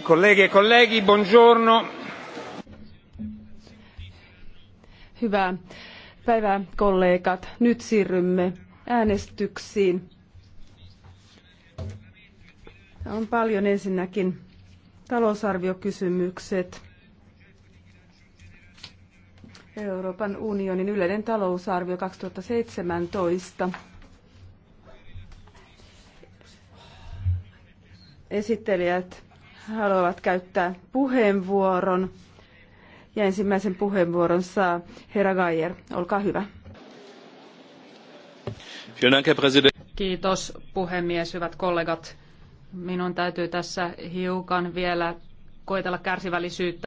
Colleghe ja e kollegi, buongiorno. Hyvää päivää kollegat. Nyt siirrymme äänestyksiin. On paljon ensinnäkin talousarviokysymykset. Euroopan unionin yleinen talousarvio 2017. Esittelijät haluavat käyttää puheenvuoron. Ja ensimmäisen puheenvuoron saa herra Geier. Olkaa hyvä. Kiitos puhemies, hyvät kollegat. Minun täytyy tässä hiukan vielä koetella kärsivällisyyttä.